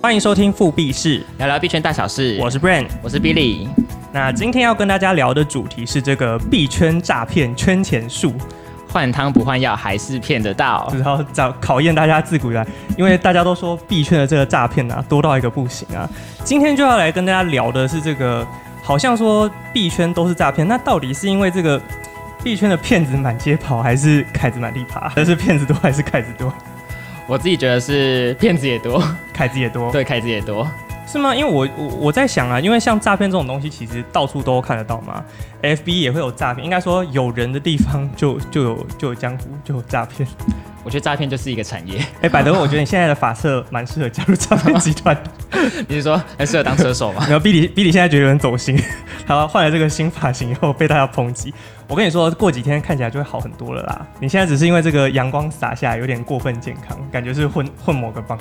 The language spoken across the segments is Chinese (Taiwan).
歡迎收聽複幣室，聊聊幣圈大小事。我是 Bran。我是 Billy。那今天要跟大家聊的主題是這個幣圈詐騙圈錢術，換湯不換藥還是騙得到？然後考考驗大家自古以來，因為大家都說幣圈的這個詐騙啊多到一個不行啊。今天就要來跟大家聊的是這個，好像說幣圈都是詐騙，那到底是因為這個幣圈的騙子滿街跑，還是凱子滿地爬？但是騙子多還是凱子多？我自己覺得是騙子也多，凱子也多。 對，凱子也多，是嗎？因為我我，我在想啊，因為像詐騙這種東西，其實到處都看得到嘛。FB 也會有詐騙，應該說有人的地方就就有就有江湖就有詐騙。我覺得詐騙就是一個產業。哎、欸，百德，我覺得你現在的髮色蠻適合加入詐騙集團。 你是說還適合當車手嗎？然後逼你，逼你現在覺得有點走心。 好、啊，換了這個新髮型以後被大家抨擊。我跟你說，過幾天看起來就會好很多了啦。你現在只是因為這個陽光灑下來有點過分健康，感覺是混混某個幫。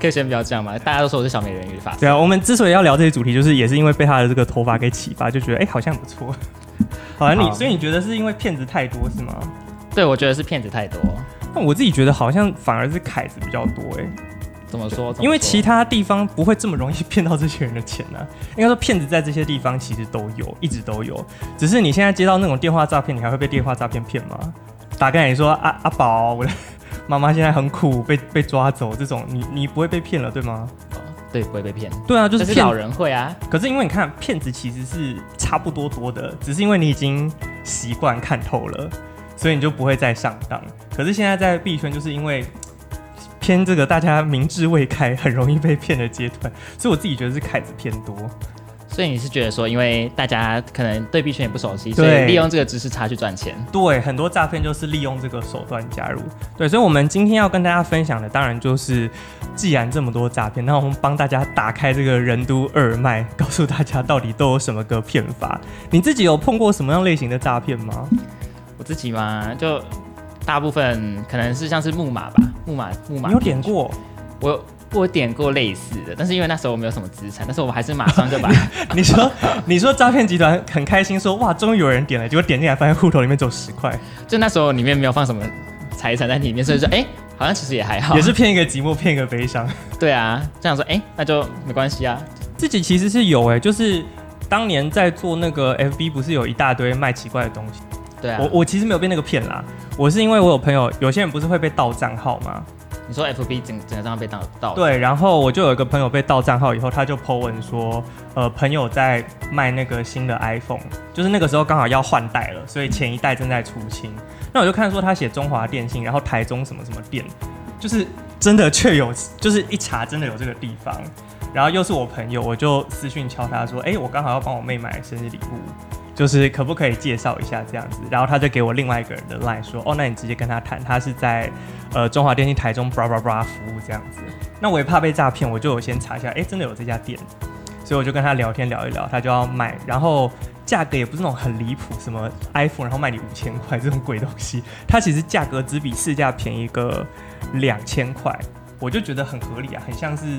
可以先不要這樣嗎？大家都說我是小美人魚髮。對啊，我們之所以要聊這些主題，就是也是因為被他的這個頭髮給啟發，就覺得哎、欸、好像不錯。好像、啊、你，所以你覺得是因為騙子太多是嗎？對，我覺得是騙子太多。但我自己覺得好像反而是凱子比較多哎，怎麼說？因為其他地方不會這麼容易騙到這些人的錢呢。應該說騙子在這些地方其實都有，一直都有。只是你現在接到那種電話詐騙，你還會被電話詐騙騙嗎？大概你說阿阿寶，我的媽媽現在很苦，被被抓走這種，你你不會被騙了對嗎？哦，對，不會被騙。對啊，就是老人會啊。可是因為你看，騙子其實是差不多多的，只是因為你已經習慣看透了。所以你就不會再上當。可是現在在幣圈，就是因為偏這個大家民智未開、很容易被騙的階段，所以我自己覺得是凱子偏多。所以你是覺得說，因為大家可能對幣圈也不熟悉，所以利用這個知識差去賺錢。對，很多詐騙就是利用這個手段加入。對，所以我們今天要跟大家分享的，當然就是既然這麼多詐騙，那我們幫大家打開這個任督二脈，告訴大家到底都有什麼個騙法。你自己有碰過什麼樣類型的詐騙嗎？ 我自己嘛，就大部分可能是像是木馬吧，木馬木馬、Pouch。有點過？我我點過類似的，但是因為那時候我沒有什麼資產，但是我還是馬上就把 你。你說 你說詐騙集團很開心說哇，終於有人點了，結果點進來發現戶頭裡面只有十塊，就那時候裡面沒有放什麼財產在裡面，所以說哎、欸，好像其實也還好。也是騙一個寂寞，騙一個悲傷。對啊，這樣說哎、欸，那就沒關係啊。自己其實是有哎、欸，就是當年在做那個 FB，不是有一大堆賣奇怪的東西。對啊，我我其實沒有被那個騙啦，我是因為我有朋友，有些人不是會被盜賬號嗎？你說 FB 整整個賬號被盜盜？對，然後我就有一個朋友被盜賬號以後，他就 po 文說，呃，朋友在賣那個新的 iPhone，就是那個時候剛好要換代了，所以前一代正在出清。那我就看說他寫中華電信，然後台中什麼什麼店，就是真的確有，就是一查真的有這個地方，然後又是我朋友，我就私訊敲他說，哎，欸，我剛好要幫我妹買生日禮物。就是可不可以介紹一下這樣子，然後他就給我另外一個人的 line 說，哦，那你直接跟他談，他是在呃中華電信台中 bra bra bra 服務這樣子。那我也怕被詐騙，我就有先查一下，哎，真的有這家店，所以我就跟他聊天聊一聊，他就要賣，然後價格也不是那種很離譜，什麼 iPhone 然後賣你五千塊這種鬼東西，他其實價格只比市價便宜個兩千塊，我就覺得很合理啊，很像是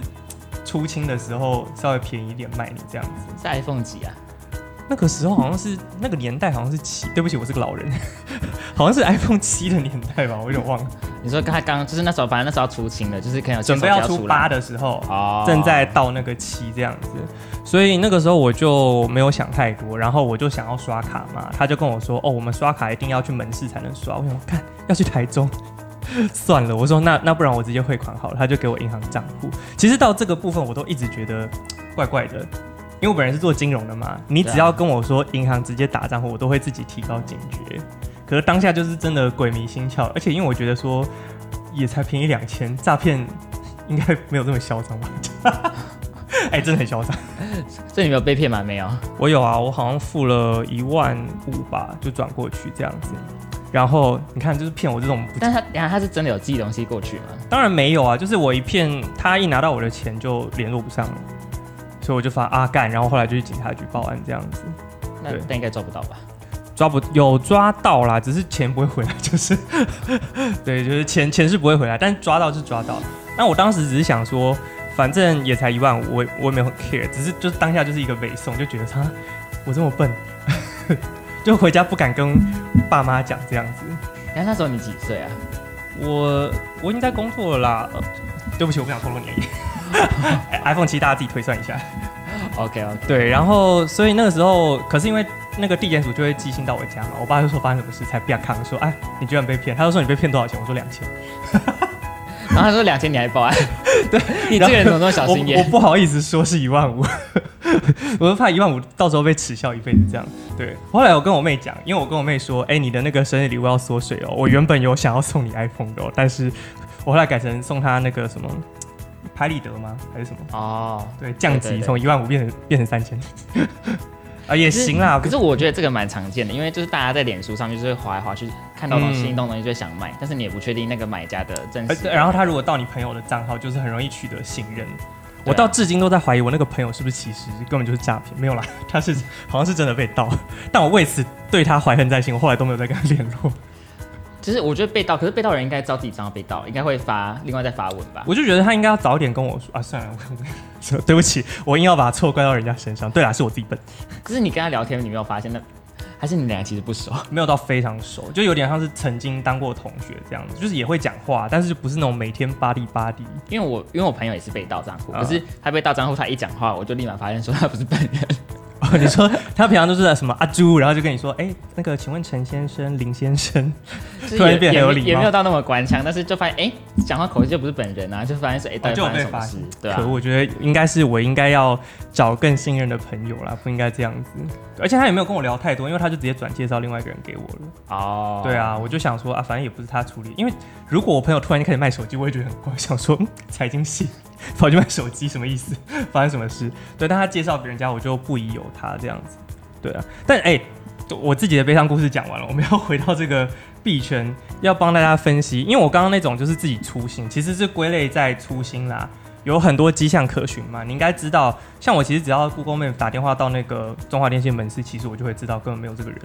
出清的時候稍微便宜一點賣你這樣子。是 iPhone 幾啊？那個時候好像是那個年代，好像是七。對不起，我是個老人，好像是 iPhone 七的年代吧，我有點忘了。你說剛才剛就是那時候，反正那時候要出七了，就是可能要準備要出八的時候、哦，正在到那個七這樣子。所以那個時候我就沒有想太多，然後我就想要刷卡嘛，他就跟我說：“哦，我們刷卡一定要去門市才能刷。”我想看要去台中，算了，我說那那不然我直接匯款好了。他就給我銀行賬戶。其實到這個部分，我都一直覺得怪怪的。因為我本人是做金融的嘛，你只要跟我說銀、啊、行直接打賬戶，我都會自己提高警覺。可是當下就是真的鬼迷心竅，而且因為我覺得說也才便宜兩千，詐騙應該沒有這麼囂張吧？哎、 欸，真的很囂張！這 你沒有被騙嗎？沒有，我有啊，我好像付了一萬五吧，就轉過去這樣子。然後你看，就是騙我這種不，但他等下他是真的有寄東西過去嗎？當然沒有啊，就是我一騙他一拿到我的錢就聯絡不上了。所以我就發阿幹，然後後來就去警察局報案這樣子。那但應該抓不到吧？抓不有抓到啦，只是錢不會回來，就是 對，就是錢錢是不會回來，但是抓到就是抓到。那我當時只是想說，反正也才一萬五，我，我我也沒有 care，只是就是當下就是一個背誦，就覺得他、啊、我這麼笨， 就回家不敢跟爸媽講這樣子。那那時候你幾歲啊？我我已經在工作了啦、呃。對不起，我不想透露年齡。 iPhone 七，大家自己推算一下。OK OK。對，然後所以那個時候，可是因為那個遞件組就會寄信到我家嘛，我爸就說發生什麼事才不要看？我扛說，哎、欸，你居然被騙？他就說你被騙多少錢？我說兩千。 然後他說兩千你還報案、啊？對 你這個人怎麼那麼小心眼？我，我不好意思說是一萬五， 我就怕一萬五到時候被恥笑一輩子這樣。對，後來我跟我妹講，因為我跟我妹說，哎、欸，你的那個生日禮物要縮水哦，我原本有想要送你 iPhone 的，哦，但是我後來改成送她那個什麼。拍立得嗎？還是什麼？哦，對，降級從一萬五變成變成三千，啊 也行啦可。可是我覺得這個蠻常見的，因為就是大家在臉書上就是劃來劃去，嗯、看到東西，心動東西就想買，但是你也不確定那個買家的真實、啊，然後他如果到你朋友的賬號，就是很容易取得信任、啊。我到至今都在懷疑我那個朋友是不是其實根本就是詐騙，沒有啦，他是好像是真的被盜，但我為此對他懷恨在心，我後來都沒有再跟他聯絡。其實我覺得被盜，可是被盜的人應該知道自己賬號被盜，應該會發另外再發文吧。我就覺得他應該要早一點跟我說啊，算了呵呵，對不起，我硬要把錯怪到人家身上。對啊，是我自己笨。可是你跟他聊天，你沒有發現那還是你倆其實不熟，沒有到非常熟，就有點像是曾經當過同學這樣子，就是也會講話，但是不是那種每天巴滴巴滴。因為我因為我朋友也是被盜賬戶，可是他被盜賬戶，他一講話我就立馬發現說他不是本人。哦， 你說他平常都是在什麼阿朱，然後就跟你說，哎、欸，那個，請問陳先生、林先生，就是、也突然變得很有禮貌，也沒有到那麼官腔，但是就發現，哎、欸，講話口氣就不是本人啊，就發現是哎，代賣手我就有發現、啊，可我覺得應該是我應該要找更信任的朋友啦，不應該這樣子。而且他也沒有跟我聊太多，因為他就直接轉介紹另外一個人給我了。哦、oh.，對啊，我就想說啊，反正也不是他處理，因為如果我朋友突然就開始賣手機，我也覺得很怪想說財經系。跑去買手機什麼意思？發生什麼事？對，但他介紹別人家，我就不疑有他這樣子。對啊，但哎、欸，我自己的悲傷故事講完了，我們要回到這個幣圈，要幫大家分析。因為我剛剛那種就是自己粗心，其實是歸類在粗心啦，有很多跡象可循嘛。你應該知道，像我其實只要 Google Map 打電話到那個中華電信門市，其實我就會知道根本沒有這個人。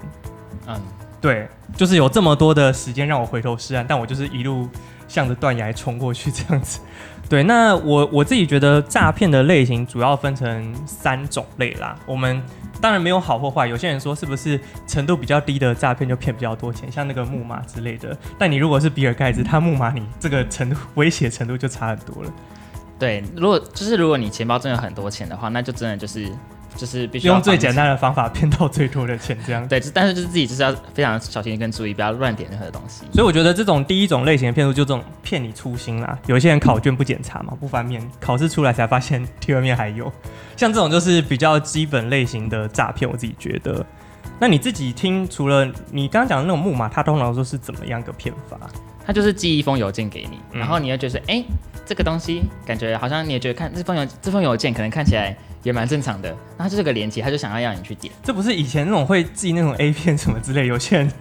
嗯，對，就是有這麼多的時間讓我回頭是岸，但我就是一路向着斷崖衝過去這樣子。對，那我我自己覺得詐騙的類型主要分成三種類啦。我們當然沒有好或壞，有些人說是不是程度比較低的詐騙就騙比較多錢，像那個木馬之類的。但你如果是比爾蓋茨，他木馬你這個程度威脅程度就差很多了。對，如果就是如果你錢包真的有很多錢的話，那就真的就是。就是必須用最簡單的方法騙到最多的錢，這樣對。但是就是自己就是要非常小心跟注意，不要亂點任何東西。所以我覺得這種第一種類型的騙術就是這種騙你粗心啦。有些人考卷不檢查嘛，不翻面，考試出來才發現第二面還有。像這種就是比較基本類型的詐騙，我自己覺得。那你自己聽，除了你剛剛講的那種木馬，它通常說是怎麼樣一個騙法？他就是寄一封郵件給你，嗯、然後你又覺得，哎、欸，這個東西感覺好像你也覺得看這封郵這封郵件可能看起來也蠻正常的，那他就是個連接，他就想要讓你去點。這不是以前那種會寄那種 A 片什麼之類，有些人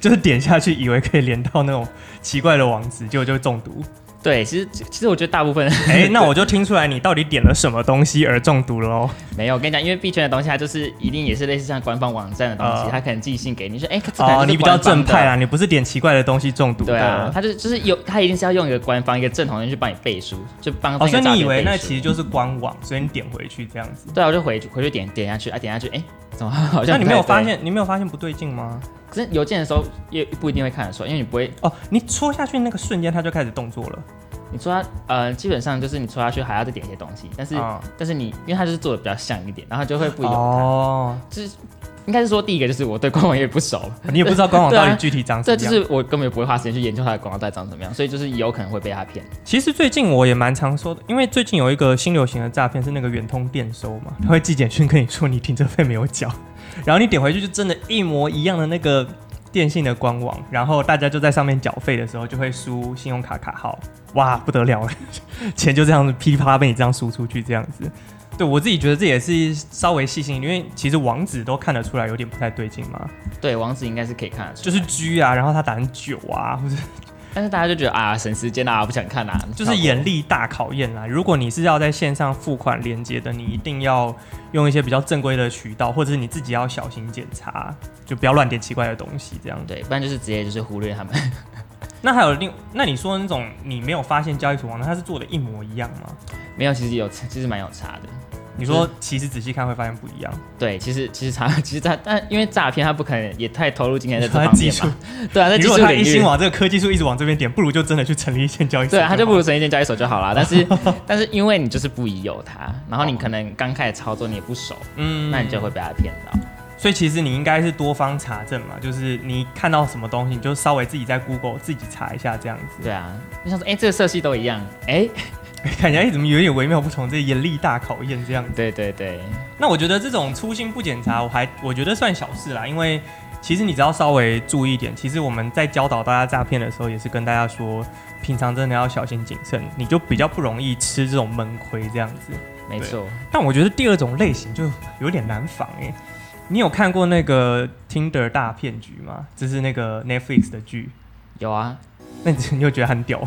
就是點下去以為可以連到那種奇怪的網址，結果就中毒。對，其實其實我覺得大部分，哎、欸，那我就聽出來你到底點了什麼東西而中毒了咯 沒有，我跟你講，因為幣圈的東西它就是一定也是類似像官方網站的東西，呃、它可能寄信給你說，哎、欸哦，你比較正派啊，你不是點奇怪的東西中毒。對啊，它、啊、就是、就是有，它一定是要用一個官方一個正統的東西去幫你背書，就幫、哦。所以你以為那其實就是官網，所以你點回去這樣子。對啊，我就回回去點點下去啊，點下去，哎、欸，怎麼好像？那你沒有發現你沒有發現不對勁嗎？只是郵件的時候也不一定會看得出來，因為你不會哦。你戳下去那個瞬間，它就開始動作了。你戳它，嗯、呃，基本上就是你戳下去還要再點一些東西，但是、哦、但是你因為它就是做的比較像一點，然後就會不一樣。哦，就是、應該是說第一個就是我對官網也不熟，哦、你也不知道官網到底具體長什麼樣、啊。這就是我根本就不會花時間去研究它的廣告到底長怎麼樣，所以就是有可能會被他騙。其實最近我也蠻常說的，因為最近有一個新流行的詐騙是那個遠通電收嘛，他會寄簡訊跟你說你停車費沒有繳。然後你點回去就真的一模一樣的那個電信的官網，然後大家就在上面繳費的時候就會輸信用卡卡號，哇，不得了了！錢就這樣噼哩啪啦被你這樣輸出去這樣子。對我自己覺得這也是稍微細心，因為其實網址都看得出來有點不太對勁嘛。對，網址應該是可以看得出，就是 G 啊，然後他打成九啊，或者。但是大家就覺得啊，省時間啊，不想看啊，就是眼力大考驗啦。如果你是要在線上付款連接的，你一定要用一些比較正規的渠道，或者是你自己要小心檢查，就不要亂點奇怪的東西，這樣對，不然就是直接就是忽略他們，嗯。 那還有另，那你說那種你沒有發現交易所，網站的，它是做的一模一樣嗎？沒有，其實有，其實蠻有差的。你說，其實仔細看會發現不一樣。對，其實其實查，其實他，但因為詐騙他不可能也太投入，今天在這方面嘛。他技術。對啊，那如果他一心往這個科技樹一直往這邊點，不如就真的去成立一間交易所。對，他就不如成立一間交易所就好了。 但是但是因為你就是不疑有它，然後你可能剛開始操作你也不熟，嗯，那你就會被他騙到。所以其實你應該是多方查證嘛，就是你看到什麼東西，你就稍微自己在 Google 自己查一下這樣子。對啊，你想說，哎，這個色系都一樣，哎。看起來你怎麼有點微妙不同？這眼力大考驗這樣子。對對對，那我覺得這種粗心不檢查，我還我覺得算小事啦，因為其實你只要稍微注意一點，其實我們在教導大家詐騙的時候，也是跟大家說，平常真的要小心謹慎，你就比較不容易吃這種悶虧這樣子。沒錯。但我覺得第二種類型就有點難防哎、欸，你有看過那個 Tinder 大騙局嗎？就是那個 Netflix 的劇。有啊。那你你就覺得很屌？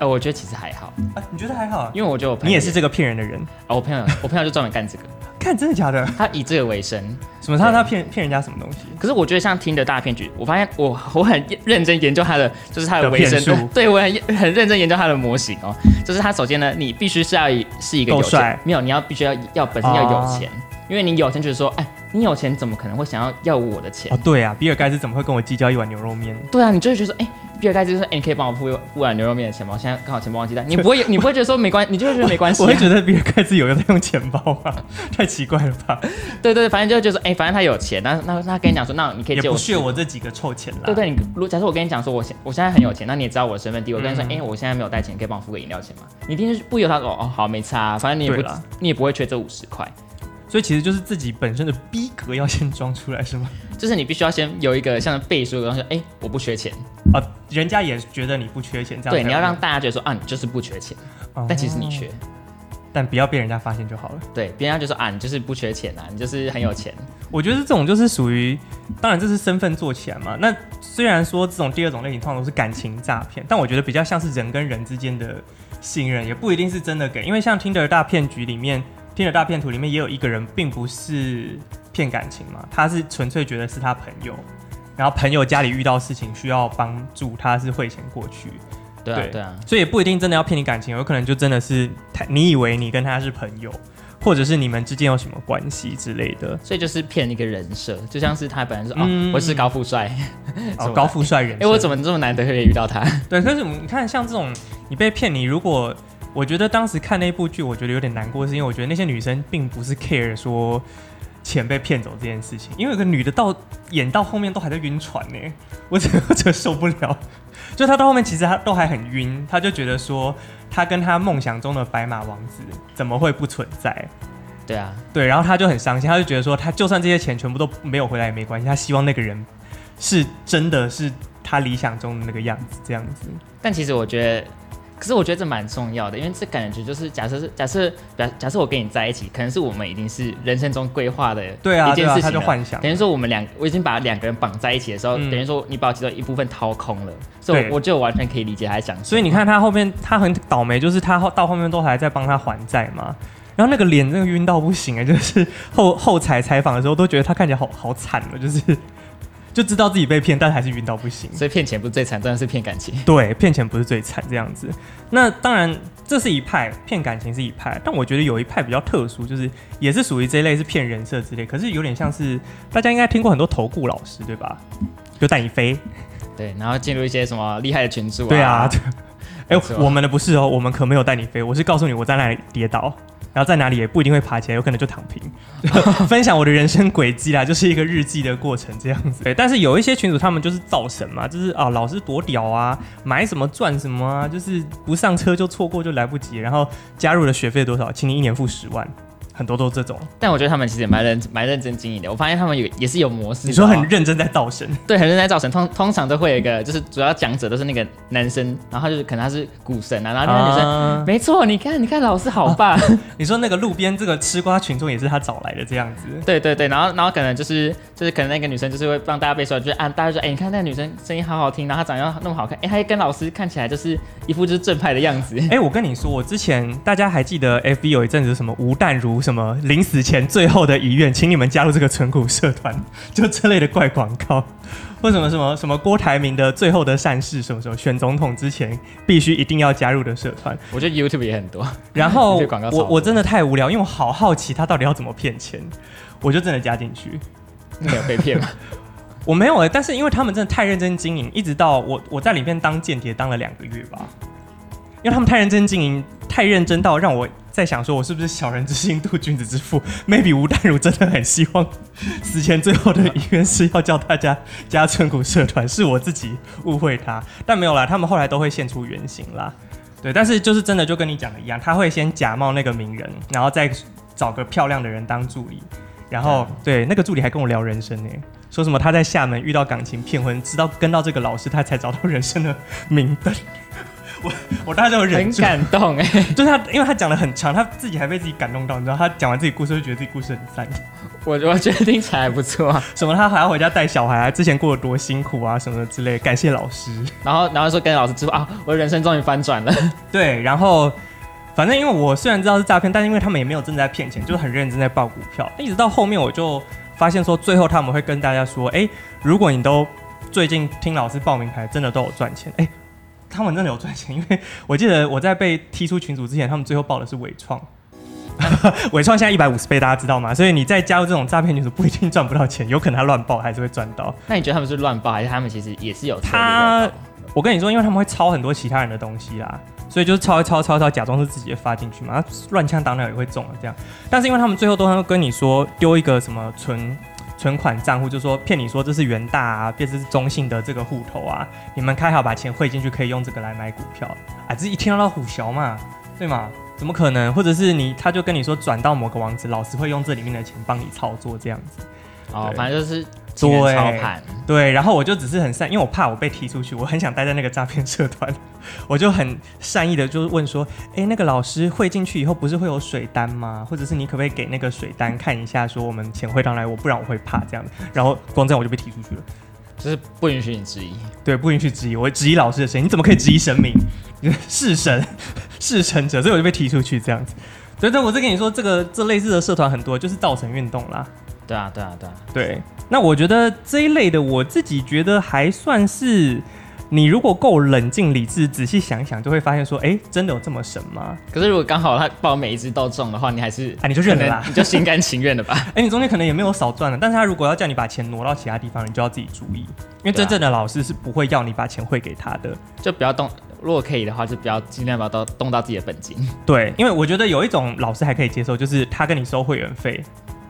呃、我覺得其實還好啊。你覺得還好啊？因為我覺得我朋友你也是這個騙人的人啊、哦。我朋友，我朋友就專門幹這個。 看，真的假的？他以這個為生。什麼？他他騙騙人家什麼東西？可是我覺得像聽的大騙局，我發現我我很認真研究他的，就是他的為生。騙、呃、對，我很很認真研究他的模型哦。就是他首先呢，你必須是要是一個有錢，沒有你要必須要要本身要有錢，啊、因為你有錢就是說，哎、欸。你有錢怎麼可能會想要要我的錢啊、哦？對啊，比爾蓋茨怎麼會跟我計較一碗牛肉麵？對啊，你就會覺得哎、欸，比爾蓋茨就說哎、欸，你可以幫我付一碗牛肉麵的錢嗎？我現在剛好錢包忘記帶，你不會你不會覺得說沒關係，你就會覺得沒關係、啊。我會覺得比爾蓋茨有在用錢包嗎？ 太奇怪了吧？對對,對，反正就是就是哎，反正他有錢，那那他跟你講說，那你可以借我，也不屑我這幾個臭錢了。對,對對，你假如假設我跟你講說，我我現在很有錢、嗯，那你也知道我的身份地位，我跟你說哎、欸，我現在沒有帶錢，你可以幫我付個飲料錢嗎？嗯、你一定是不由他說哦好，沒差、啊，反正你也不你也不會缺這五十塊。所以其實就是自己本身的逼格要先裝出來，是嗎？就是你必須要先有一個像背書的東西說：“哎、欸，我不缺錢啊、哦，人家也覺得你不缺錢。”這樣對，你要讓大家覺得說：“啊，你就是不缺錢。哦”但其實你缺，但不要被人家發現就好了。對，別人家就說：“啊，你就是不缺錢啊，你就是很有錢。”我覺得這種就是屬於，當然這是身份做錢嘛。那雖然說這種第二種類型通常都是感情詐騙，但我覺得比較像是人跟人之間的信任，也不一定是真的給。因為像 Tinder 大騙局裡面。騙的大片圖裡面也有一個人，並不是騙感情嘛，他是純粹覺得是他朋友，然後朋友家裡遇到事情需要幫助，他是匯錢過去。對啊對，對啊，所以不一定真的要騙你感情，有可能就真的是他，你以為你跟他是朋友，或者是你們之間有什麼關係之類的，所以就是騙一個人設，就像是他本來說、嗯、哦，我是、嗯、高富帥，哦高富帥人設，哎、欸、我怎麼這麼難得可以遇到他？對，可是你看像這種你被騙，你如果。我覺得當時看那部劇，我覺得有點難過，是因為我覺得那些女生並不是 care 說錢被騙走這件事情，因為有個女的到演到後面都還在暈船呢，我真真受不了。就她到後面其實她都還很暈，她就覺得說她跟她夢想中的白馬王子怎麼會不存在？對啊，對，然後她就很傷心，她就覺得說她就算這些錢全部都沒有回來也沒關係，她希望那個人是真的是她理想中的那個樣子這樣子。但其實我覺得。可是我覺得這蠻重要的，因為這感覺就是假設是假設，假設我跟你在一起，可能是我們已經是人生中規劃的對啊，一件事情了、啊啊他就幻想了。等於說我們兩，我已經把兩個人綁在一起的時候，嗯、等於說你把我其中一部分掏空了，所以我，我就完全可以理解他想。所以你看他後面，他很倒霉，就是他到後面都還在幫他還債嘛。然後那個臉，真的暈到不行哎、欸，就是後後採採訪的時候都覺得他看起來好好慘了，就是。就知道自己被騙，但還是暈到不行。所以騙錢不是最慘，當然是騙感情。對，騙錢不是最慘這樣子。那當然，這是一派騙感情是一派，但我覺得有一派比較特殊，就是也是屬於這一類是騙人設之類。可是有點像是大家應該聽過很多投顧老師對吧？就帶你飛。對，然後進入一些什麼厲害的群組啊。對啊。哎、欸，我們的不是哦，我們可沒有帶你飛，我是告訴你我在那裡跌倒。然後在哪裡也不一定會爬起來，有可能就躺平。 分享我的人生軌跡啦,就是一個日記的過程這樣子。 對，但是有一些群主他們就是造神嘛，就是啊老師多屌啊，買什麼賺什麼啊，就是不上車就錯過就來不及。然後加入的學費多少？請你一年付十萬。很多都這種，但我覺得他們其實也蠻認蠻認真經營的。我發現他們有也是有模式。你說很認真在造神？對，很認真在造神。通通常都會有一個，就是主要講者都是那個男生，然後他就是可能他是股神啊，然後那個女生，啊嗯、沒錯，你看你看老師好棒。啊、你說那個路邊這個吃瓜群眾也是他找來的這樣子？對對對，然後然後可能就是就是可能那個女生就是會幫大家背書，就是啊大家就說哎、欸、你看那個女生聲音好好聽，然後她長得那麼好看，哎、欸、她跟老師看起來就是一副就是正派的樣子。哎、欸、我跟你說，我之前大家還記得 FB 有一陣子什麼吳淡如什麼什麼臨死前最後的遺願，請你們加入這個存股社團，就這類的怪廣告。為什麼什麼什麼郭台銘的最後的善事，什麼時候選總統之前必須一定要加入的社團？我覺得 YouTube 也很多。然後我我,我真的太無聊，因為我好好奇他到底要怎麼騙錢，我就真的加進去。你沒有被騙嗎？ 我沒有誒、欸，但是因為他們真的太認真經營，一直到我我在裡面當間諜當了兩個月吧。因為他們太認真經營，太認真到讓我在想說，我是不是小人之心度君子之腹？Maybe 吳淡如真的很希望死前最後的遺願是要叫大家加存股社團，是我自己誤會他，但沒有啦，他們後來都會現出原形啦。對，但是就是真的，就跟你講的一樣，他會先假冒那個名人，然後再找個漂亮的人當助理，然後、嗯、對那個助理還跟我聊人生呢、欸，說什麼他在廈門遇到感情騙婚，直到跟到這個老師，他才找到人生的明燈。我我大家都忍很感動哎、欸，就是他，因為他講的很長，他自己還被自己感動到，你知道他講完自己故事，就覺得自己故事很讚。我我覺得聽起來還不錯啊，什麼他還要回家帶小孩啊，之前過得多辛苦啊什麼之類，感謝老師。然後然後說跟老師之後啊，我的人生終於翻轉了。對，然後反正因為我雖然知道是詐騙，但是因為他們也沒有真的在騙錢，就是很認真在報股票。但一直到後面我就發現說，最後他們會跟大家說，哎、欸，如果你都最近聽老師報名牌，真的都有賺錢，哎、欸。他們真的有賺錢，因為我記得我在被踢出群組之前，他們最後報的是偽創，偽、啊、創 現在一百五十倍，大家知道嗎？所以你在加入這種詐騙群組，不一定賺不到錢，有可能他亂報還是會賺到。那你覺得他們是亂報，還是他們其實也是有？他，我跟你說，因為他們會抄很多其他人的東西啦，所以就是抄、抄、抄、抄、抄，假裝是自己的發進去嘛，他亂槍打鳥也會中了這樣。但是因為他們最後都會跟你說丟一個什麼存存款賬戶就說騙你說這是元大啊，便是中信的這個戶頭啊，你們開好把錢匯進去，可以用這個來買股票。啊。這是一聽到“唬洨”嘛，對嘛？怎麼可能？或者是你，他就跟你說轉到某個網址，老師會用這裡面的錢幫你操作這樣子。啊，反正就是。對，對，然後我就只是很善，因為我怕我被踢出去，我很想待在那個詐騙社團，我就很善意的就問說，哎，那個老師會進去以後，不是會有水單嗎？或者是你可不可以給那個水單看一下，說我們錢匯上來，我不然我會怕這樣。然後光這樣我就被踢出去了，就是不允許你質疑，對，不允許質疑，我會質疑老師的聲音，你怎麼可以質疑神明？弒神，弒神者，所以我就被踢出去這樣子。所以，我在跟你說，這個這類似的社團很多，就是造神運動啦。對啊，對啊，對啊，對。那我覺得這一類的，我自己覺得還算是，你如果夠冷靜理智，仔細想想就會發現說，哎，真的有這麼神嗎？可是如果剛好他報每一隻都中的話，你還是哎你就認了，你就心甘情願的吧。哎、啊， 你中間可能也沒有少賺了，但是他如果要叫你把錢挪到其他地方，你就要自己注意，因為真正的老師是不會要你把錢匯給他的，啊、就不要動。如果可以的話，就不要儘量把它動到自己的本金。對，因為我覺得有一種老師還可以接受，就是他跟你收會員費。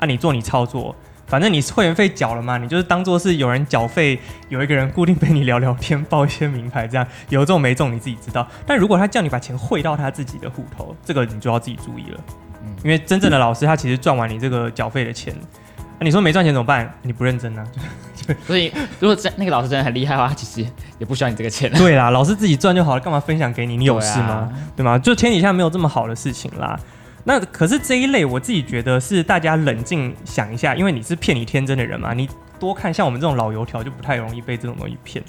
那、啊、你做你操作，反正你是會員費繳了嘛，你就是當做是有人繳費，有一個人固定陪你聊聊天，報一些名牌，這樣有中沒中你自己知道。但如果他叫你把錢匯到他自己的戶頭，這個你就要自己注意了，嗯、因為真正的老師他其實賺完你這個繳費的錢，那、嗯啊、你說沒賺錢怎麼辦？你不認真呢、啊。所以 如果那個老師真的很厲害的話，他其實也不需要你這個錢了。對啦，老師自己賺就好了，幹嘛分享給你？你有事嗎對、啊？對嗎？就天底下沒有這麼好的事情啦。那可是這一類，我自己覺得是大家冷靜想一下，因為你是騙你天真的人嘛，你多看像我們這種老油條就不太容易被這種東西騙。